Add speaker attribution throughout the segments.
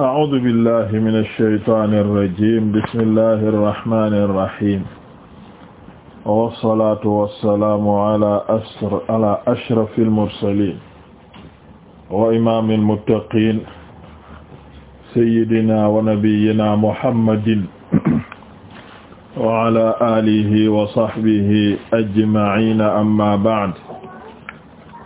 Speaker 1: أعوذ بالله من الشيطان الرجيم بسم الله الرحمن الرحيم والصلاة والسلام على أسر على أشرف المرسلين وإمام المتقين سيدنا ونبينا محمد وعلى آله وصحبه أجمعين أما بعد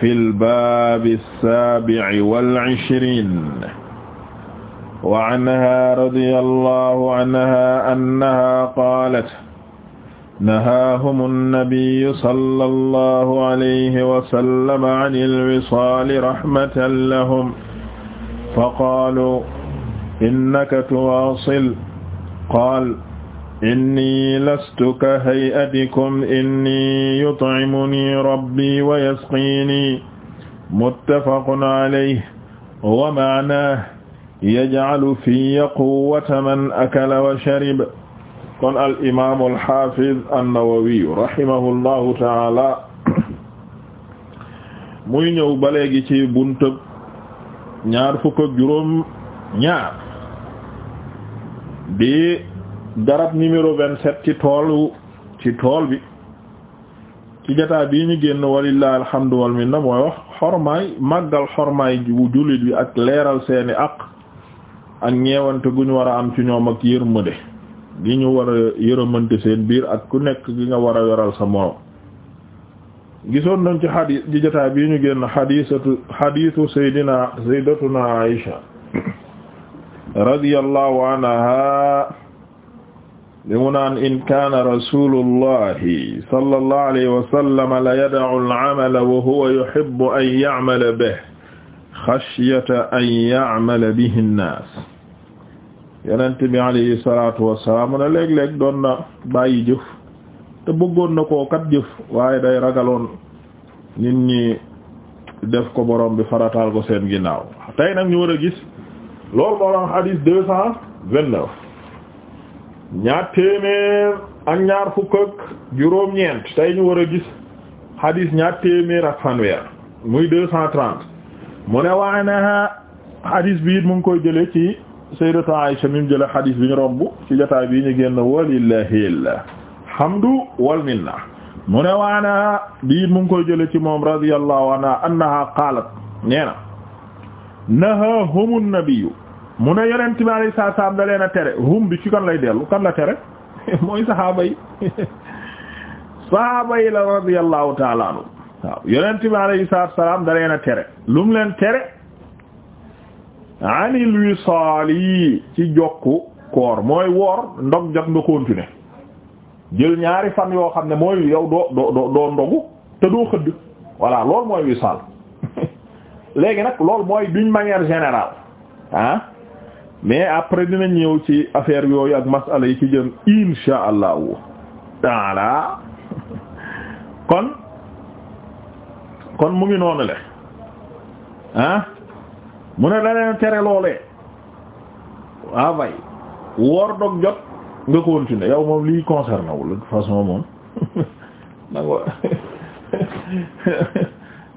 Speaker 1: fil baabi saabi'i wal ishriin wa anhaa radiyallaahu anhaa annahaa qaalat nahaahum annabiyyu sallallaahu alayhi wa sallam anil wisaali rahmatan lahum faqaaluu innaka tuwaasil qaala inni lastu ka hay'atikum inni yut'imuni rabbi wa yasqini muttafaqun alayhi wa ma'nahu yaj'alu fiyya quwwata man akala wa shariba kon al imaam al haafiz an-Nawawi rahimahullahu ta'ala muy ñëw ba léegi ci buntu ñaar fukk ak juróom ñaar bi garab numéro vingt-sept ci toolu ci tool bi ci jotaay bii ñu génn walillahi alhamdu wal minna mooy wax xormaay màggal xormaay bu jullit bi ak leeral seeni aq ak ñeewante gu ñu war a am ci ñoom ak yërmande gi ñu war a yërëmante seen biir ak ku nekk gi nga war a yoral sa moroom gisoon nañ ci xadiis ci jotaay bii ñu génn xadiisatu xadiisu saydina saydatuna Aisha radiyallahu anha li mu naan in kaana rasulullahi sallallahu alayhi wa sallam la yada'u al-amala wa huwa yuhibbu an ya'mala bihi xashyata an ya'mala bihi an-naas yonent bi alayhi salaatu wa salaam ne léeg-léeg doon na bàyyi jëf te bëggoon na koo kat jëf waaye day ragaloon nit ñi def ko borom bi farataal ko seen ginnaaw tey nag ñu war a gis loolu moo doon hadis deux cent vingt-neuf ñaar téeméer ak ñaar fukk ak juróom-ñeent tey ñu war a gis hadis ñaar fanweer muy deux cent trente mu ne waaye hadis bi it mu ngi koy jëlee ci sayyidatu mi mu jëlee hadis bi ñu romb ci jotaay bii ñu génn walillahil hamdu wal minna mu ne waa na bi it mu ngi koy jëlee ci moom radiyallahu anha qaalat nee na naha humun nabiyyu mu ne yonent bi sa salaam da leen a tere hum bi ci kan lay dellu kan la tere mooy saxaaba yi saxaaba yi la radiyallahu ta'ala anhu waaw yonent bi alayhi salaam da leen a tere lu mu leen tere anil wisaal yi ci jokk koor mooy woor ndog jot nga continuer jël ñaari fan yoo xam ne mooy yow doo doo doo ndogu te doo xëdd voilà loolu mooy wisaal léegi nag loolu mooy d'une manière générale ah mais après dina ñëw ci affaire yooyu ak masala yi ci jëm insha allahu taala kon kon mu ngi noonu le ah, mu ne la leen tere loolee ah, waaw bay woor dog jot nga continuer yow moom lii concerné de moom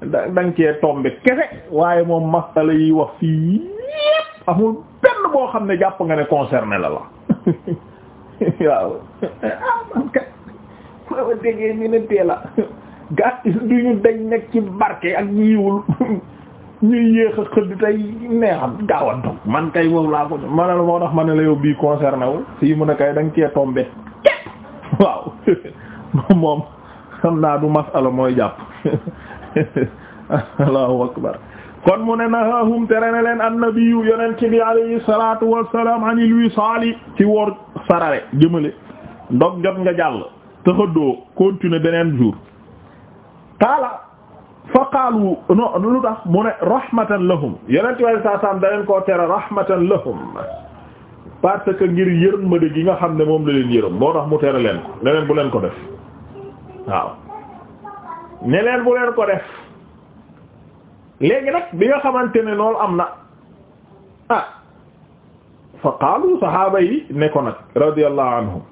Speaker 1: danga da tombe kese waaye moom masala yi wax fii amul benn boo xam ne jàpp nga ne concerné la la waaw ah man kat ma ma déggee ne teel a gaa du ñu dañ nekk ci barke ak yiwul ñuy yéex a xëdd tey neexam gaawantu man kay moom laa ko ma ne moo tax ma ne la yow bii concerné wul fii mu ne kay da nga cee tombé képp waaw moom xam naa du masala mooy jàpp allahu akbar kon mu ne nahaahum tere na leen annabiyu yonent bi alayhi salaatu wassalaam anil wisaali ci woor sarare jëmale ndog jot nga jàll tëxadoo continuer beneen jur qaala fa qaalu no lu tax mu ne rahmatan lahum yonent bi alayhi salaatu wassalaam da leen koo tere rahmatan lahum parce que ngir yërmande gi nga xam ne moom la leen yërëm moo tax mu tere leen ko ne leen bu leen ko def waaw ne bu leen ko def léegi nag bi nga xamante ne loolu am na a ah, fa qaalu sahaaba yi ne ko nag radiyallahu anhum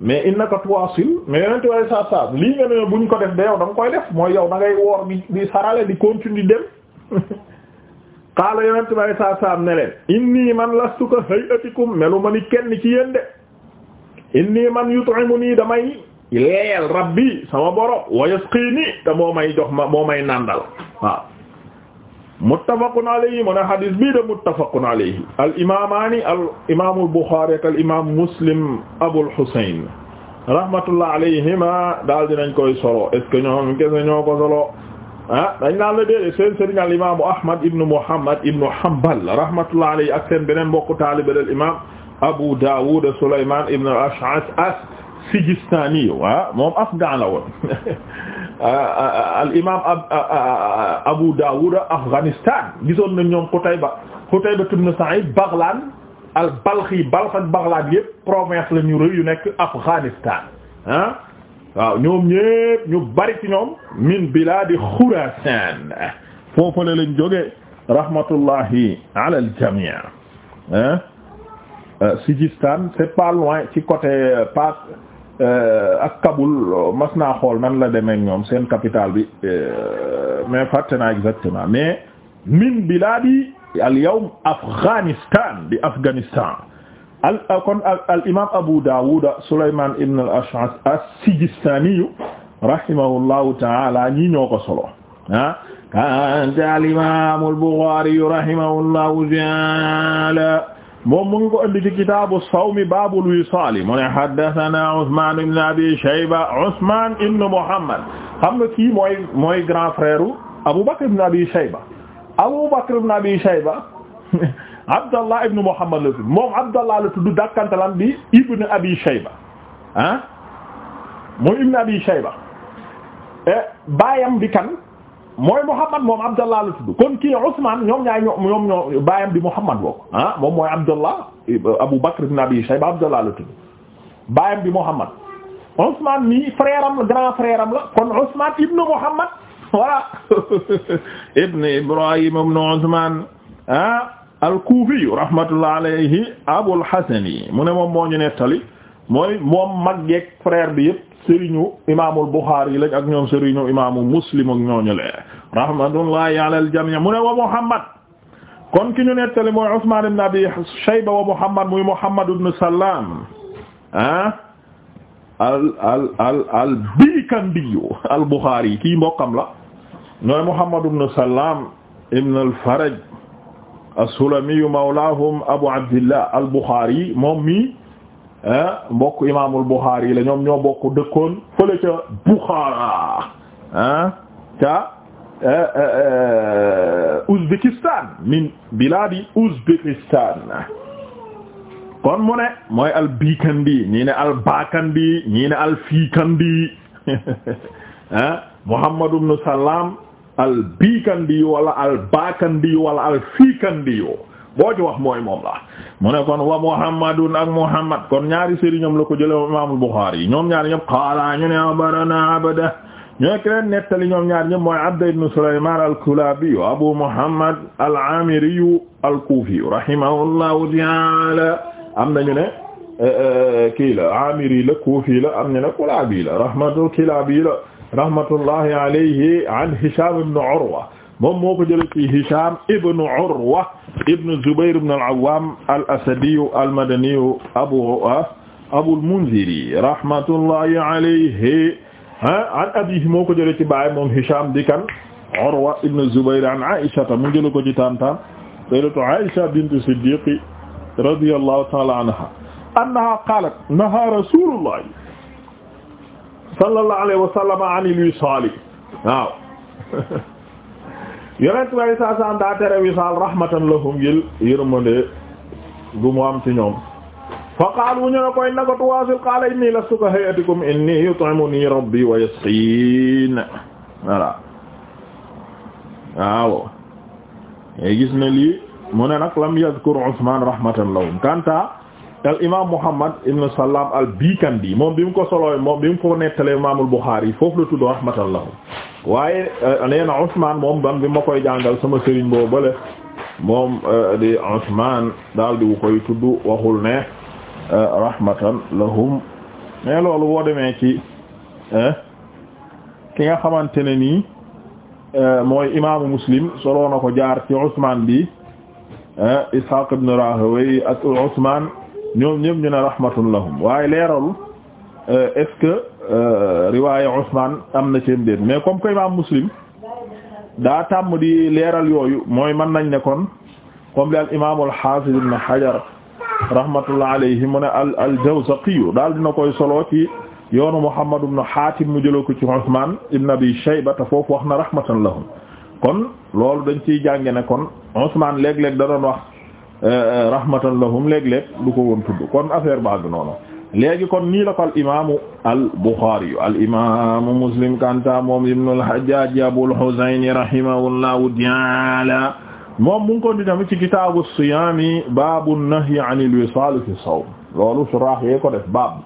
Speaker 1: mais innaka tuwasil mais yonente way sa sab lii nga ne buñ ko def da yow da nga koy def mooy yow da ngay woor bi di sarale di continuer inni man lastu ka hayatikum melu ma ni kenn ci yéen de inni man yut'imuni damay leel rabbi sama boro wa yasqini te moo may jox ma moo may nàndal waaw muttafaqun alayhi mu ne xadis bii de muttafaqun alayhi al imaamaani al imaamul Buxaari ak al imaam Muslim Abul Husayn rahmatullah alayhima daal dinañ koy solo est ce que ñoom kese ñoo ko solo ah dañ naan la déedéet seen sëriñ al imaamu Ahmad ibnu Muhammad ibnu Hanbal rahmatullah alayhi ak seen beneen mbokku taalibe al imaam Abu Daawud Sulaymaan ibnu al-Ash'ath as-Sijistaani wa moom afghan la woon. Euh, euh, al imaam Abu Dawud Afghanistan gisoon nañ ñoom Qutayba Qutayba ibn Sa'id Baghlan al Balkhi Balkh ak Baghlan yëpp province la ñu rëy yu nekk Afghanistan ah waaw ñoom ñëpp ñu bari ci ñoom min biladi Khurasan foofale lañ jógee rahmatullahi ala al jami' ah euh, Sijistan c'est pas loin ci côté Pak Euh, ak Kaboul mas naa xool nan la demee ñoom seen capitale bi euh, mais fàtte naa exactement mais min biladi al yawm Afghanistan di Afghanistan al euh, kon al imam Abu Dawud Sulayman ibn al Ash'ath as-Sijistani rahimahullahu ta'ala ñi ñoo ko solo ah kanta al imam al Bukhari rahimahullahu ta'ala moom mu ngi ko indi ci kitaabu sawmi baabul wisaali mu ne haddathana Usmaan ibn Abi Shayba Usmaan ibn Muhammad xam nga kii mooy mooy grand frère Abu Bakr ibn Abi Shayba Abu Bakr ibn Abi Shayba Abdallah ibn Muhammad la tudd moom Abdallah la tudd dakkantalam bi ibn Abi Shayba ah mooy ibn Abi Shayba eh, baayam di kan mooy Muhammad moom Abdallah la tudd kon kii Ousmane ñoom ñaay ñoo ñoom ñoo baayam bi Muhammad bokk ah moom mooy Abdallah Abu Bakr ibn Abi Shayba Abdallah la tudd baayam bi Muhammad Ousmane nii frère am la grand frère am la kon Ousmane ibn Muhammad voilà ibn Ibrahim ibn Ousmane ah al-Kufi rahmatullah alayhi Abul Hasan yi mu ne moom moo ñu nettali mooy moom mag yeeg frère bi yëpp sëriñu imaamul Buxaari yi lañ ak ñoom sëriñu imaamu Muslim ak ñooñu lee rahmatullahi ala al jami' mu ne wa Muhammad kon ki ñu nettali mooy Usmaan ibn Abi Shayba wa Muhammad muy Muhammad ibn Sallaam ah al al al al Bikandi al Buxaari kii mbokkam la ñooy Muhammad ibn Sallaam ibn al Faraj as-Sulami mawlaahum Abu Abdillah al Buxaari moom mi Eh? mbokk imaamul Buxaari yi la ñoom ñoo bokk dëkkoon fële ca Buxaara eh? ca eh, Ouzbékistan min bilaadi Ouzbékistan kon mu ne mooy al bikandi ñii ne al bakandi ñii ne al fikandi ah Muhammad ibn al bikandi wala al bakandi wala al fikandi boo ci wax mooy moom la mu ne kon wa muhammadun ak muhammad kon ñaari sëriñam la ko jële imaamul Buxaari yi ñoom ñaari ñëpp qaala ñu ne abarana abda ñoo ki leen nettali ñoom ñaari ñëpp mooy abda ibnu sulaymaan al-kulaabi abu muhammad al-aamiri al-kuufi rahimahullahu ta'aala am nañu ne eh, eh, kii la aamiri la kuufi la am ñu ne kulaabi la rahmatu kilaabi la rahmatullahi alayhi an hishaam ibnu urwa moom moo ko jëlee ci Hisham ibn Urwa ibn Zubayr ibn al-Awwam al-Asadi al-Madani Abu ah, Abul Munziri rahmatullahi alayhi ah, an abiihi moo ko jëlee ci baay moom Hisham di kan Urwa ibn Zubayr an Aisha mu jëlee ko ci tantam sayyidatu Aisha bint Siddiq radiyallahu ta'ala anha annaha qalat naha rasulullahi sallallahu alayhi wa sallam an al-wisal waaw yonent bi sallallahu alayhi wasallam daa tere wisaal rahmatan lahum ngir yërmande gu mu am ci ñoom fa qaalu ñu ne koy nako tuwaasil qaala inni lastu ka hayatikum inni yut'imuni rabbi wa yasqin voilà waaw gis na lii mu ne nag lam yadhkur Usman rahmatan lahum kanta al imaam Muhammad ibn Sallaam al Bikandi moom bi mu ko solooy moom bi mu ko nettalee imaamul Buxaari foofu la tudd rahmatullah waaye eh, nee na Ousmane moom ban bi ma koy jàngal sama sëriñ boo bële moom eh, di Ousmane daal di koy tudd waxul ne eh, rahmatan lahum mais loolu woo demee ci ki nga xamante ne nii mooy imaamu Muslim soloo na ko jaar ci Ousmane bi Ishaq ibn Rahawayh ak Ousmane. ñoom ñëpp ñu ne rahmatullahum waaye leeral euh, est-ce que euh, riwaayu Ousmane am na seen mais comme que imaam Muslim daa tam di leeral yooyu mooy mën nañ ne kon comme li al imaam al Haafiz ibn Hajar rahmatullah alayhi mu ne al Jawzaqi daal dina koy solo ci yoonu Muhammad ibn Haatim mu jëloo ko ci Ousmane ibn Abi Shayba te foofu wax na rahmatan lahum kon loolu dañ ciy jànge ne kon Ousmane léeg-léeg da wax. Euh, euh, rahmatan lahum léeg-léeg du ko woon kon affaire ba àgg noonu léegi kon nii la ko al imaamu al Bukhari al imaamu Muslim kanta moom ibnu al Hajjaj Abul Husayn rahimahullahu ta'ala moom mu ngi ko di tamit ci kitaabu siyaami baabu nahyi wisaal fi sawm loolu surah yee ko def baab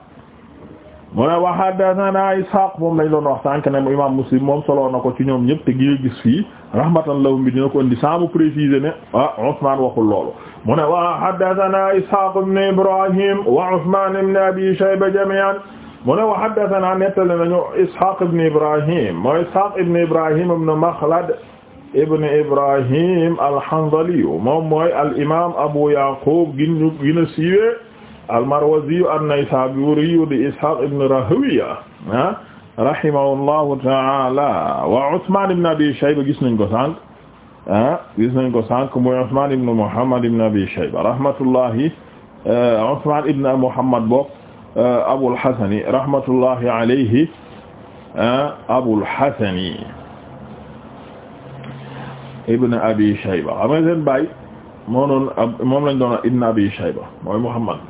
Speaker 1: mu ne wa haddathana Ishaq moom lañ doon wax sànq ne imam Muslim moom solo na ko ci ñoom ñëpp te gi gis fii rahmatan lahum bi dina ko indi saa mu préciser ne ah Ousmane waxul loolu mu ne wa haddathana Ishaq ibn Ibrahim wa Ousmane ibn Abi Shayba jami'an mu ne wa haddathana nettali nañu Ishaq ibn Ibrahim mooy Ishaq ibn Ibrahim ibn Makhlad ibn Ibrahim al-Hanzali moom mooy al imam Abu Yaqub gin ñu gën a siiwee al-Marwazi an-Naysaburi di Ishaq ibn Rahawiya ah rahimahullahu ta'ala wa Uthman ibn Abi Shayba gis nañ ko sànq ah gis nañ ko sànq mooy Uthman ibn Muhammad ibn Abi Shayba rahmatullahi eh, Uthman ibn Muhammad boog eh, Abul Hasani rahmatullahi alayhi Abul Hasani ibn Abi Shayba xam nga seen baay moo doon moom lañ doon ibn Abi Shayba mooy Muhammad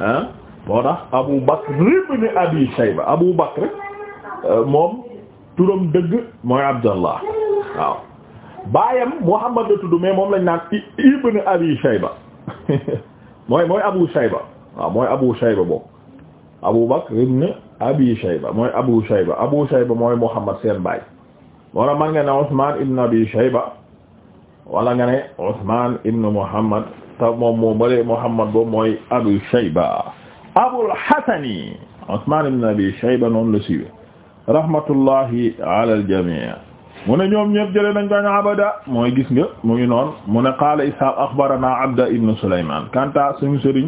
Speaker 1: ah moo tax Abu Bakr ibn Abi Shayba Abu Bakr euh, moom turam dëgg mooy Abdallah waaw baayam Muhammad la tudd moom lañ naan ibn Abi Shayba mooy mooy Abu Shayba waaw mooy Abu Shayba boobu Abu Bakr ibn Abi Shayba mooy Abu Shayba Abu Shayba mooy Muhammad seen baay moo tax man nga ne Shayba wala nga ne Muhammad te moom moo male Muhammad boobu mooy Abu Shayba Abul Hasani Usman ibn Abi Shayba noonu la siiwe rahmatullahi ala al-jami' mu ne ñoom ñëpp jëlee nañ ko abada mooy gis nga mu ngi noonu mu ne qaala Ishaq akhbarana Abda ibn Sulayman kanta suñu sëriñ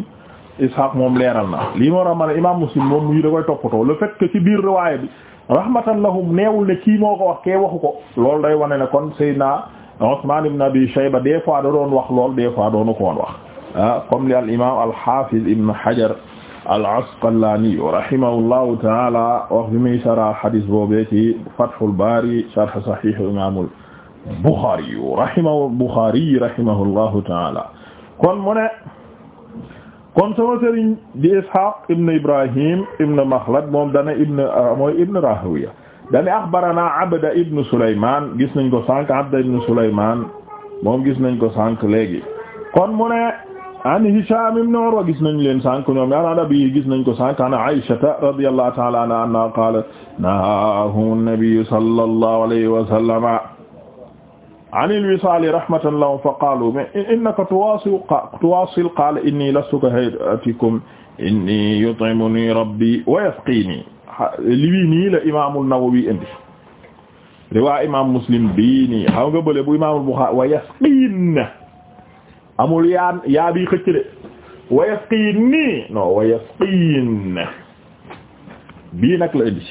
Speaker 1: Ishaq moom leeral na lii moo ma ne imaam Muslim mu da koy toppatoo le fait que ci biir riwaaya bi rahmatan lahum neewul ne kii wax kee waxu ko loolu day wane ne kon Seydina Usman ibn Abi Shayba des fois da doon wax lool des fois doonu ko woon wax ah comme li al imam al hafiz ibn Hajar al Asqalani rahimahullahu taala wax bi muy sara hadis boobee ci Fathul Bari sharh Sahih imam Bukhari rahimahu Bukhari rahimahullahu taala kon mu ne kon sama sëriñ di Ishaq ibn Ibrahim ibn Makhlad moom dana ibn ah, mooy ibn Rahawiya dane axbarana abda ibnu sulayman gis nañ ko sànq abda ibnu sulayman moom gis nañ ko sànq léegi kon mu ne an hisham ibn urwa gis nañ leen sànq ñoom an abi gis nañ ko sànq an aishata radiyallahu ta'ala anha anna qaala nahahu an-nabiy sallallahu alayhi wa sallama an al-wisaal rahmatan lahum fa qaalu innaka tuwaasil qaala inni lastu ka hayatikum inni yut'imuni rabbi wa yasqini lii nii la imaamul Nawawi indi riwaa imaam Muslim bii nii xam nga bële bu imaamul Buxaari wa yasqiin amul yaa yaa bii xëcc wa yasqiin nii non wa yasqiin bii nag la indi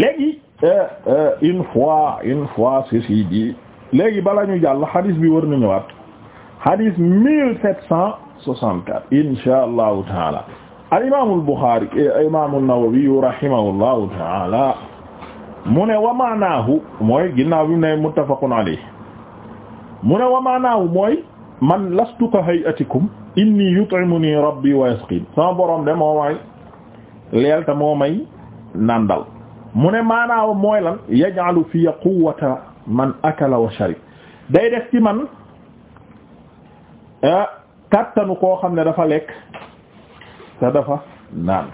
Speaker 1: léegi euh, euh, une fois une fois ceci dit léegi bala ñu jàll xadis bi war na ñëwaat xadis mille sept taala al imaamu al-Buxaari eh, imaamu an-Nawawi rahimahullahu ta'ala mu ne wa maanaahu mooy ginnaaw bi mu ne muttafaqun alayhi mu ne wa maanaahu mooy man lastu ka hay'atikum inni yut'imuni rabbi wa yasqin sama borom de moo may leel te moo may nandal mu ne maanaahu mooy lan yaj'alu fiya quwwata man akala wa sharib day def ci man eh, kattanu koo xam ne dafa lekk te dafa naan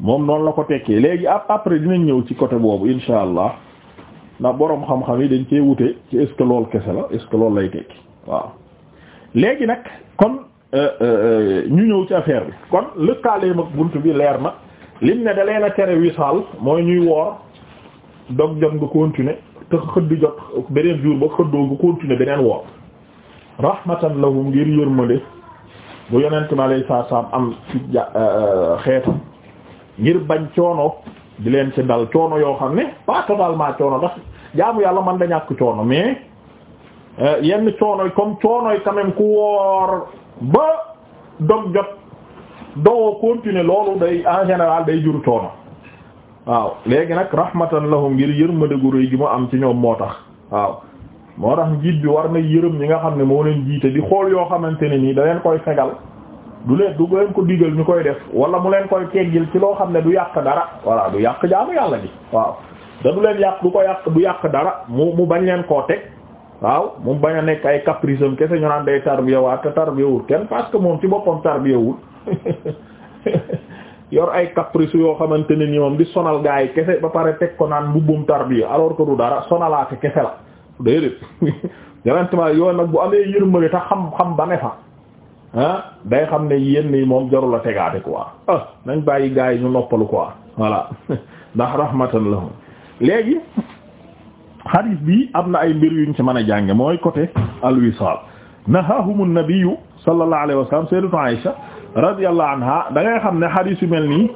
Speaker 1: moom noonu la ko tekkee léegi ap après dinañ ñëw ci côté boobu insha allah ndax boroom xam-xam yi dañ cee wute ci est kese la est-ce que loolu lay tekki waaw léegi nag kon euh, euh, ñu ñëw ci affaire bi kon lëkkaalee mag bunt bi leer na lim ne da leen a tere wisaal mooy ñuy woor dog jot nga continuer te xëdd jot beneen jour ba xëddoo nga continuer beneen woor rahmatan lahum ngir yërmande bu yeneen mi alayhi salaatu salaam am ci euh, euh, xeetam ngir bañ coono di leen ci dal coono yoo xam ne pas totalement coono ndax jaamu yàlla man da ñàkk coono mais euh, yenn coono yi comme coono yi ku woor ba dog jot doo continuer loolu day en général day jur coono waaw léegi nag rahmatan lahum ngir yërmande gu rëy gi mu am ci ñoom moo tax waaw moo tax njiit bi war na yërëm ñi nga xam ne moo leen jiite di xool yoo xamante ne nii da leen koy fegal du leen du ko digal ñu koy def wala mu leen koy teggil ci loo xam ne du yàq dara voilà du yàq jaamu yàlla bi waaw da leen yàq du ko yàq du yàq dara mu mu bañ leen koo teg waaw mu bañ a nekk ay caprice am kese ñu naan day tarbiyawaat te tarbiyawul kenn parce que moom ci boppam tarbiyawul yor ay caprice yoo xamante ne nii moom di sonal gaa yi kese ba pare teg ko naan mbubbum tarbiya alors que dara sonalaate kese la déedéet directement yooyu nag bu amee yërmande tax xam-xam ba ne fa ah day xam ne yéen yi moom jarul a tegaate quoi ah nañ bàyyi gaa yi ñu noppalu quoi voilà ndax rahmatan lahum léegi hadith bi am na ay mbir yuñ ci mën a jànge mooy côté alwisal nahahumu nabiyyu sallallahu alayhi wa sallam sayyidatu Aisha radiyallahu anha da ngay xam ne hadith yu mel nii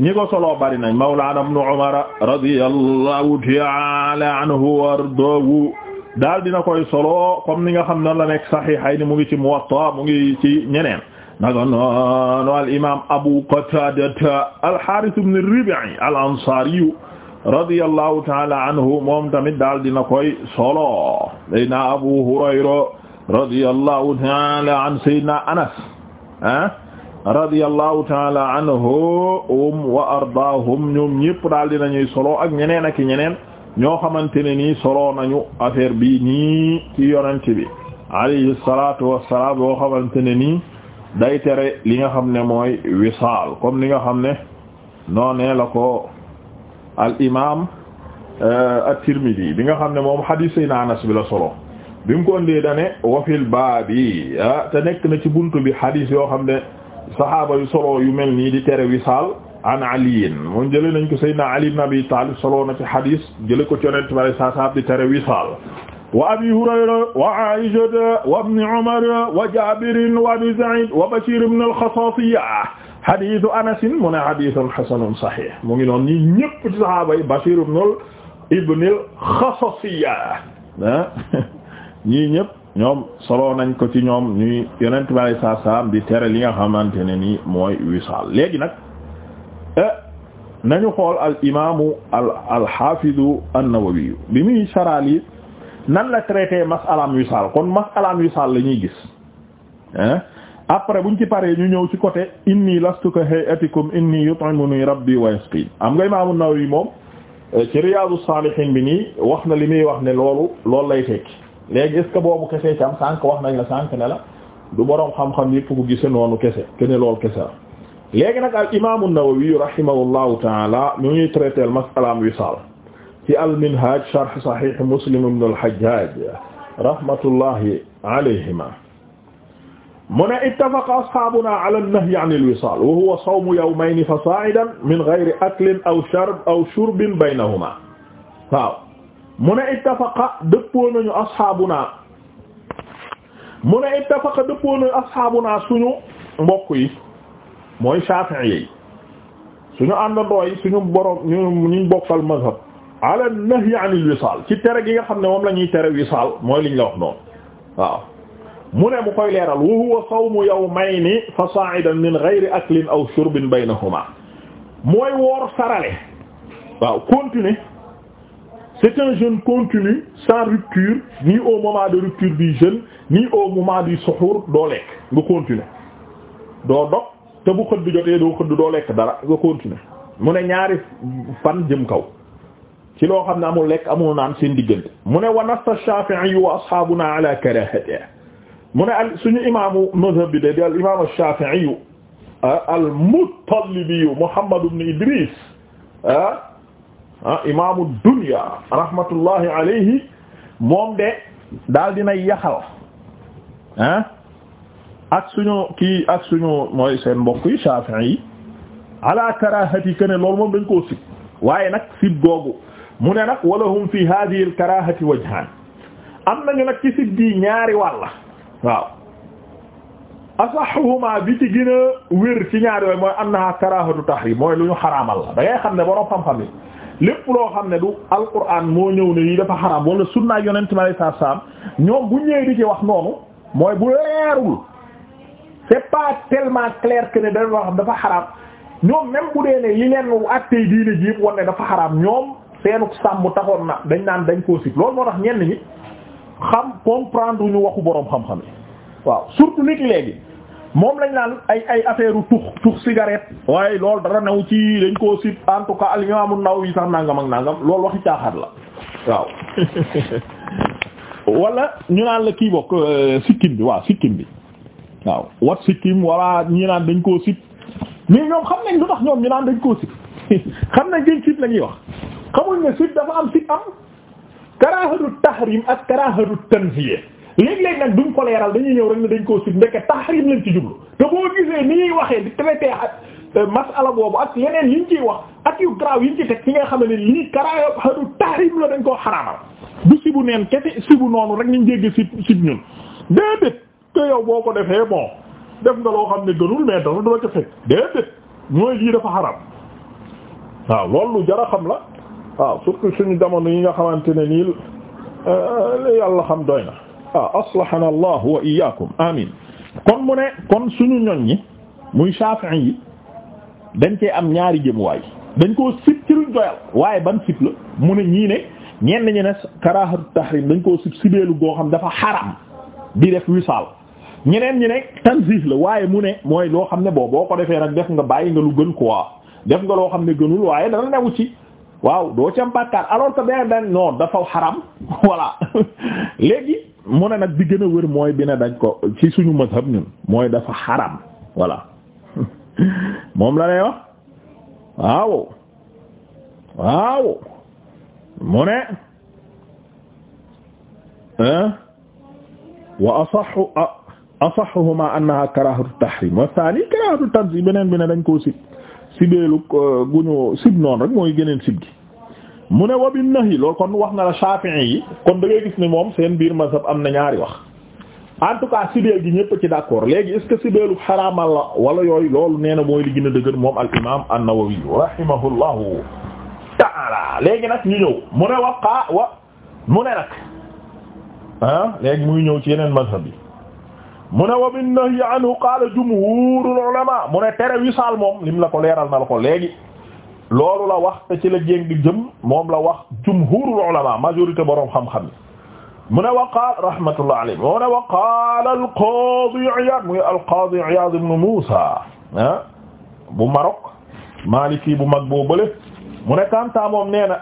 Speaker 1: ñi ko soloo bari nañ mawlana ibn umar radiyallahu ta'ala anhu wardahu daal dina koy soloo comme ni nga xam ne la nekk saxiixayni mu ngi ci muwatta mu ngi ci ñeneen naka noonu al imaam abu qataada al haaris ibn ribi'i al ansaari radiyallahu ta'ala anhu moom tamit daal dina koy soloo sayyidina abu hurayra radiyallahu ta'ala an sayyidina anas ah radiyallahu taala anhum um wa ardaahum ñoom ñëpp daal dinañuy solo ak ñeneen ak ñeneen ñoo xamante ne nii solo nañu affaire bi nii ci yonent bi alayhi salatu wassalaam yoo xamante ne nii day li nga xam ne mooy wisaal comme li nga xam ne noonee la ko al imam euh, at-Tirmidhi bi nga xam ne moom hadis say na Anas bi solo bi ko ëndee dane wa fil baabi ah, te nekk na ci buntu bi hadis yoo xam ne saxaaba yu solo yu mel nii di tere wisaal an aliyin moom jële nañ ko sayyidina ali ibn abi talib solo na ci hadis jële ko ci yonent bare saa saab di tere wisaal wa abi hurayra wa aisata wa ibni umar wa jabirin wa abi sa'id wa bashir ibn al-xasaasiya hadisu anasin mu ne hadithun hasanun sahih mu ngi noonu ñi ñëpp ci sahaaba yi bashir ibn ibn al-xasaasiya ah, ñii ñëpp ñoom solo nañ ko ci ñoom ñuy yonent bi alay saa salaam di tere li nga xamante ne nii mooy wisaal léegi nag eh, nañu xool al imaamu al al xaafidu an-Nawawi bi muy saraal yi nan la traité masalaam wisaal kon masalaam wisaal la ñuy gis hein eh? après buñ ci paree ñu ñëw ci côté inni lastu ka hayatikum inni yut'imuni rabbi wa yasqin am nga imaamu Nawawi moom eh, ci Riyaadu Saalihiin bi nii wax na li muy wax ne loolu loolu lay tekki léegi est ce que boobu kesee ci am sànq wax nañ la sànq ne la du boroom xam-xam yëpp ko gise noonu kese kene loolu kese la léegi nag al imaamu an-Nawawi rahimahullahu taala mu ñuy traité masalaam wisaal ci al-Minhaj sharh Sahih Muslim ibn al-Hajjaj rahmatullahi alayhima mu ne ittafaqa ashaabuna ala an-nahyi an al-wisaal wa huwa sawmu yawmayni fa saa'idan min ghayri aklin aw shurb aw shurbin baynahuma waaw mu ne ittafaqa dëppoo nañu asxaabunaa mu ne ittafaqa dëppoo nañu asxaabunaa suñu mbokk yi mooy Shafi'i yi suñu àndandoo yi suñu borom ñu ñu bokkal mazhab ala nahyi anil wisaal ci tere gi nga xam ne moom la ñuy tere wisaal mooy liñ la wax noonu waaw mu ne mu koy leeral wa huwa sawmu yawmayni fasaa'idan min ghayri aklin aw shurbin baynahuma mooy woor sarale waaw continuer c'est un jeûne continu sans rupture ni au moment de rupture du jeûne ni au moment du doo lekk nga continuer doo dog te bu xëdd jotee doo xëdd doo lekk dara nga continuer mu ne ñaari fan jëm kaw ci loo xam ne amul lekk amul naan seen diggante mu ne wa nassa Shafi'i wa ashabuna ala karahatihi mu ne al suñu imaamu mazhab bi de di al imaamu Shafi'i al ah, Muttalibi Muhammad ibn Idris ah ah imaamu dunya rahmatullahi alayhi moom de daal dina yaxal ah ak suñu kii ak suñu mooy seen mbokk yi Shafi'i yi ala karahati que ne moom dañ koo sib waaye nag sib googu mu ne nag walahum fi hadhihi al karahati wajhan am nañu nag ci sib gi ñaari wàlla waaw asahhuma bi ci gën ci ñaari wooyu mooy annaha karahatu tahrim mooy lu ñu xaraamal la da xam ne borom xam-xam yi lépp loo xam ne du alquran moo ñëw ne yi dafa xaraam wala sunna yonent mi alayhi salaam ñoom bu ñëwee di ci wax noonu mooy bu leerul c'est pas tellement clair que ne dañoo wax dafa xaraam ñoom même bu dee ne yi leen attey diine ji yëpp wan ne dafa xaraam ñoom seenuk sàmm taxoon na dañ naan dañ koo sib loolu moo tax ñenn ñi xam comprendre ñu waxu boroom xam-xam yi waaw surtout nit léegi. moom lañ naan ay ay affaire tux tux cigarette waaye loolu dara naw ci dañ koo sib en tout cas al imam an-Nawawi sax nangam ak nangam ñu naan la kii bokk euh, sikkim bi waaw sikkim bi waaw wat sikkim wala ñi naan dañ koo sib mais ñoom xam nañ lu tax ñoom ñu naan dañ koo sib xam nañ dañ sib la wax xamuñ ne sib dafa am sib am karaahatu tahrim ak karaahatu tanzih léeg-léeg nag duñ ko leeral dañuy ñëw rek ne dañ koo sib ndeke tahrim lañ ci jublu te boo gisee ni ñuy waxee di traité ak euh, masala boobu ak yeneen yiñ ciy wax ak yu graw yiñ ci teg ci nga xam ne lii karaayo xadu tahrim la dañ koo xaraamal du sibu neen kese sibu noonu rek niñ jégg sib sib ñun déedéet te yow boo ko defee bon def nga loo xam ne gënul mais dara du la déedéet mooy lii dafa xaram waaw loolu lu jar a xam la waaw surtout suñu jamono yi nga xamante ne nii euh, yàlla xam doy na aslahana allah wa iyaakum amin kon mu ne kon suñu ñoñ ñi muy Shafi'i yi dañ cee am ñaari jëm waay dañ koo sib ci luñ doyal waaye ban sib la mu ne ñii ne ñenn ñi ne karahatu tahrim dañ koo sib sibeelu goo xam dafa xaram di def wisaal ñeneen ñi ne tanzih la waaye mu ne mooy loo xam ne boo boo ko defee nag def nga bàyyi nga lu gën quoi def nga loo xam ne gënul waaye dana newu ci waaw doo ci am bàkkaar alors que benn benn dafa xaram voilà léegi mu nag bi gën a wër mooy bi ne dañ ko ci suñu mazhab ñun mooy dafa xaram voilà moom la lay wax waaw waaw mu ne wa asahu asahuhuma annaha karahatu tahrim wa thani karahatu tanzih beneen bi ne dañ ko sib euh, sib noonu rek mooy gëneen sib gi mu ne wabin nahi loolu kon wax na la Shafi'i yi kon da ngay gis ni moom seen biir mazhab am na ñaari wax en tout sibeel gi ñëpp ci d'accord léegi est-ce que sibeelu xaraamal la wala yooy loolu nee na mooy li gën a dëgër moom al imam an-Nawawi rahimahullahu ta'ala léegi nag ñu ñëw mu ne wa xaa wa mu ne nag ah léegi muy ñëw ci yeneen mazhab yi mu ne wa bin nahi anhu qaala jumhurul ulama mu ne tere wisaal moom lim la ko leeral na la ko léegi loolu la wax te ci la jéng jëm moom la wax jumhurul ulama majorité boroom xam-xam yi mu ne wa qaal rahmatullah alayhi mu ne wa qaal al-Qaadi Iyaad muy al-Qaadi Iyaad ah, bu Maroc Maliki bu mag mu ne Kanta moom nee na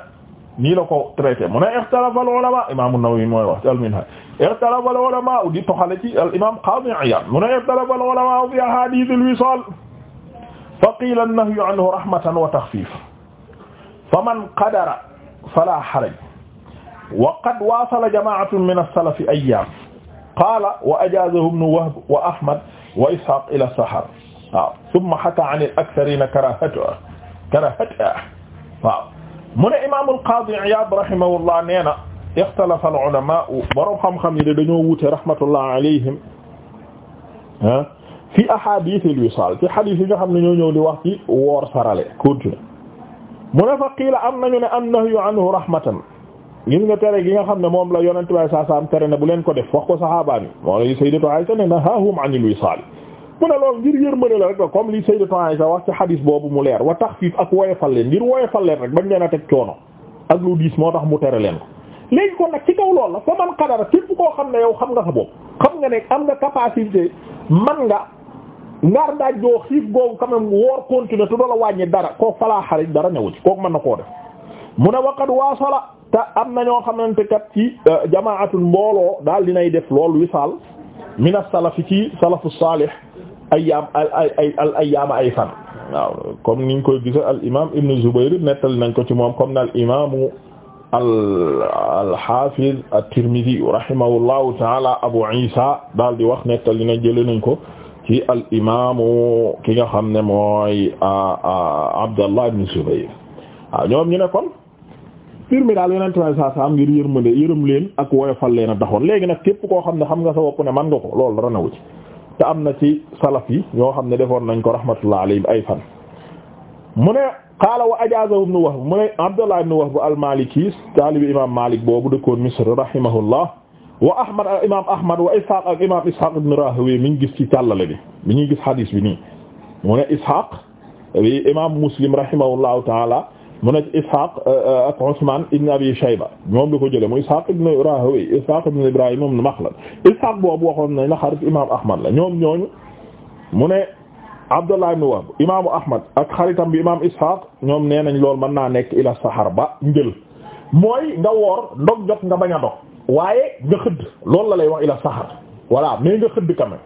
Speaker 1: nii la ko mu ne ixtalafa al-ulamaa imaam an-Nawawi mooy wax ci al-Minhaaj al-ulamaa di toxale ci al imaam Qaadi Iyaad al-ulamaa fi ahaadiis al qiila an-nahyu anhu rahmatan wa taxfiif fa man qadara fala xaraj wa qad waasala jamaatun min as-salafi ayyaam qaala wa ajaazahu ibnu wahb wa ahmad wa ishaaq ila as-sahar waaw summa hakaa an al-akthariina karaahatahu karaahatahu waaw mu ne imaam al-qaadi Iyaad rahimahullah nee na ixtalafa al-ulamaa boroom xam-xam yi dañoo wuute rahmatullah alayhim ah fi ahadithil wisal ci hadith yi nga xam ne ñoo ñëw di wax ci woor sarale continue mu ne fa qiila am nañu ne annahyu anhu rahmatan gis nga tere gi nga xam ne moom la yonente sa saa am tere ne bu leen ko def wax ko sahaaba ni moo li sayyidatu Aisha ne nahahum anil wisal mu ne loolu ngir yërmande la rek la comme li sayyidatu Aisha wax ci hadith boobu mu leer wa taxfiif ak woyofal leen ngir woyofal leen rek bañ leen a teg coono ak lu diis moo tax mu tere leen ko léegi kon nag ci kaw loolu la koo xam ne yow xam nga sa bopp xam nga ne am nga capacité man nga ngaar daaj doo xiif googu quand même woor continuer te doo la wàññi dara kooku falaa xarit dara newu ci kooku mën na koo mu ne waqad waasala ta am na ñoo xamante kat ci euh, jamaatul mbooloo daal nay def lool wisaal mina salafi ci salafu saalih ayyaam ay ay al ay fan waaw comme niñ koy gisa al imam ibn Zubayr nettali nañ ko ci moom kom ne al imamu al al-Hafiz at-Tirmidhi rahimahullahu ta'ala Abu Isa daal di wax nettali nañ jëlee nañ ko ci al imaamu ki nga xam ne mooy Abdallah ibn Zubayr waaw ah, ñoom ñu ne kon mbir mi daal yeneen tubaab saa saa ngir yërmande yërëm leen ak woya leen a taxoon léegi nag képp koo xam ne xam nga sa wopp ne man nga ko loolu dara nawu ci te am na ci salaf yi ñoo xam ne defoon nañ ko rahmatullah alayhim ay fan mu ne qaala wa ajaazahu ibn Wahb mu ne Abdallah ibn Wahb al-Maliki taalibi imaam Maalik boobu dëkkoon Misr rahimahullah wa ahmad ak imam ahmad wa ishaq ak imam ishaq ibn rahawayh mi gis ci càllale bi mi ngi gis hadis bi nii mu imam muslim rahimahullahu taala mu ne ishaq euh, ibn abi shayba moom la ko jële mu ishaq ibn rahawayh ishaq ibn ibrahim ibn makhlad ishaq boobu waxoon nañ la xarit imam ahmad la ñoom ñooñu mu ne abdullah ibn wahb imaamu bi imam ishaq ñoom nee nañ loolu mën naa nekk ila sahar ba njël mooy nga woor ndog jot bañ a waaye nga xëdd loolu la lay wax ila saxar voilà mais nga xëdd quand même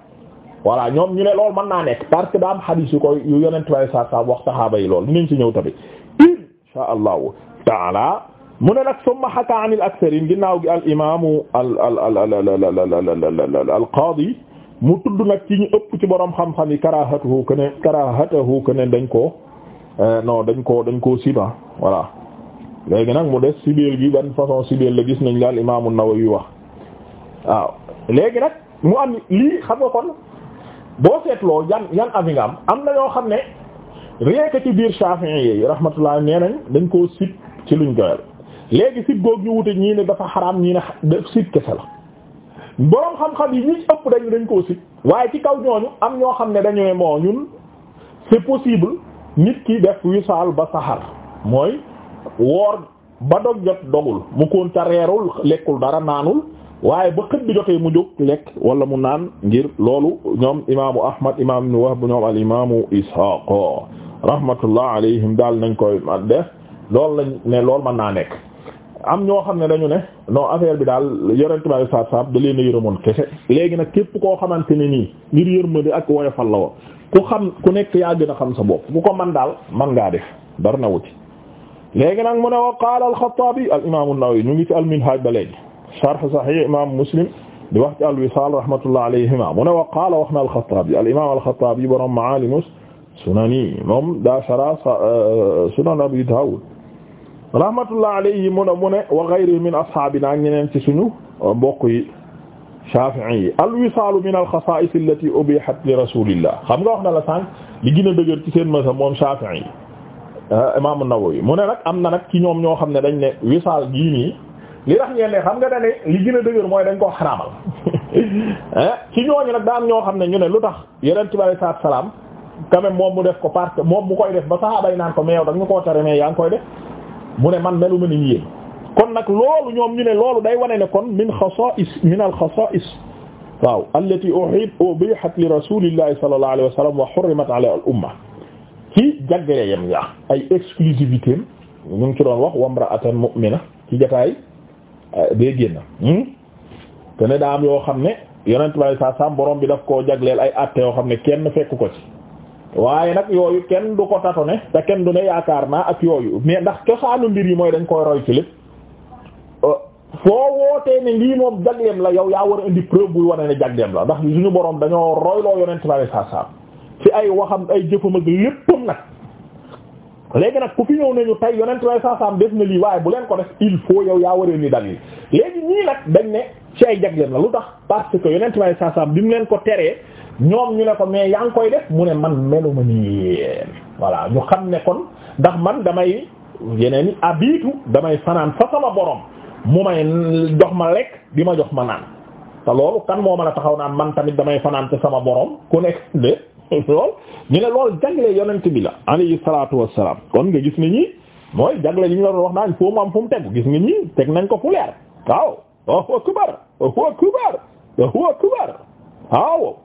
Speaker 1: voilà ñoom ñu ne loolu mën naa nekk parce que daa am xadiis yu koy yu yonent way sa sa wax saxaaba yi lool dinañ ci ñëw tamit insha allahu taala mu ne nag summa xakaa an al aktarin ginnaaw gi al imamu al al al al qaadi mu tudd nag ci ñu ëpp ci borom xam-xam yi karahatuhu kene karahatahu kene dañ ko non dañ ko dañ ko siba voilà léegi nag mu des sibeel gi ban façon sibeel la gis nañ laal Imaam An-Nawawi wax waaw léegi nag mu am lii xam nga kon boo seetloo yan yan avis nga am am na ñoo xam ne rien que ci biir Shafi'i yi rahmatullah nee nañ dañ koo sib ci luñ doyal léegi sib googu ñu wute ñii ne dafa xaraam ñii ne def sib kese la boroom xam-xam yi ñu ëpp dañu dañ koo sib waaye ci kaw ñooñu am ñoo xam ne dañu ne moo ñun c'est possible nit ki def wisaal ba saxar mooy woor ba dog jot dogul mu koon ca reerul lekkul dara naanul waaye ba xët bi jotee mu jóg lekk wala mu naan ngir loolu ñoom imaamu ahmad imaam ibn wahb ñoom al imaamu ishaq rahmatullah alayhim daal nañ koy def loolu lañ ne loolu mën naa nekk am ñoo xam ne dañu ne non affaire bi daal yorent bi alei satu salam da leen a yërëmoon kese léegi nag képp koo xamante ne nii ngir yërmande ak woyofal la woon ku xam ku nekk yaa gën a xam sa bopp ku ko man daal man ngaa def dara na léegi nag mu ne wa qaala al-Xattaabi al imaam an-Nawawi ñu ngi ci al-Minhaaj ba léegi sharh Sahih imaam Muslim di wax ci al-Wisaal rahmatullah alayhima mu ne wa qaala wax na al-Xattaabi al imaam al-Xattaabi borom Maalimus Sunani moom daa shara euh, Sunan Abi Daawud rahmatullah alayhi mu ne mu ne wa ghayrihi min ashaabinaa ñeneen ci suñu euh, mbokk yi Shaafi'i yi al-Wisaal min al-xasaa'is allatii ubihat li Rasuulillah xam nga wax na la sànq li gën a dëgër ci seen masa moom Shaafi'i Euh, imaamu Nawawi mu ne nag am na nag ci ñoom ñoo xam ne dañ ne wisaal gii nii li tax ngeen ne xam nga dañ ne li gën a dëgër mooy dañ koo xaraamal eh, ci ñooñu nag daan ñoo xam ne ñu ne lu tax Yonent bi alayhi salaatu salaam quand moom mu def ko parce que moom mu koy def ba saxaaba yi naan ko mais yow da nga koo tere mais yaa ngi koy def mu ne man melu ma ni yéen kon nag loolu ñoom ñu ne loolu day wane ne kon min xasaa'is min al xasaa'is waaw allati ubihat li rasulillahi sallallahu alayhi wa sallam wa hurrimat ala al umma jagleeyam ya ay exclusivité ñu ngi ci doon wax wamra'atan mu'mina ci jotaay euh, bee génna hmm? te ne daa am yoo xam ne yonent bi saa saam bi daf koo jagleel ay àtte yoo xam ne kenn fekk ko ci waaye nag yooyu kenn du ko tato ne te kenn du ne yaakaar naa ak yooyu mais ndax cosaanu mbir yi mooy dañ koy roy ci lépp euh, foo wootee ne lii moom jagleem la yow yaa war a indi preuve buy wane ne jagleem la ndax suñu boroom dañoo royloo yonent bi saa saam ci ay waxam ay jëfam ak léegi nag ku fi ñëw nañu tey yonent way saasaam def na lii waaye bu leen ko def il faut yow yaa waree ni dalil léegi ñii nag dañ ne ci ay jagleen la lu tax parce que yonent way saasaam bi mu leen ko teree ñoom ñu ne ko mais yaa ngi koy def mu ne man melu ma nii voilà ñu xam ne kon ndax man damay yeneen i abiitu damay fanaan fa sama boroom mu may jox ma lekk di ma jox ma naan te loolu kan moo man a taxaw naan man tamit damay fanaan fa sama borom ku nekk lool ñu ne lool jagle yonent bi la alayhi salaatu wassalaam kon nga gis ni ñi mooy jagle yi ñu la doon wax naan foo mu am fu mu tegu gis nga ñi teg nañ ko fu leer waaw huwa kubar huwa kubar huwa kubar waaw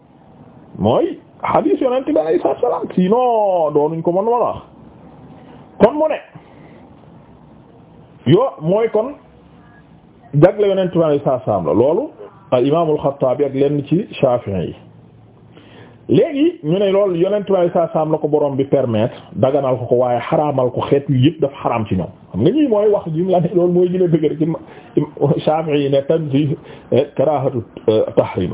Speaker 1: mooy hadis yonent bi alayhi salaatu wassalaam sinon doonuñ ko mën wala kon mu ne yo mooy kon jagle yonent bi alayhi salaatu wassalaam la loolu al imaamul Xattaabi ak lenn ci Shaafi'i yi léegi ñu ne loolu yonent bi saa saam la ko borom bi permettre daganal ko ko waaye xaraamal ko xeet yu yëpp dafa xaraam ci ñoom xam nga ñii mooy wax jim la ne loolu mooy gën a dëgër ci Shafi'i yi ne tanzih eh, karaahatu eh, tahrim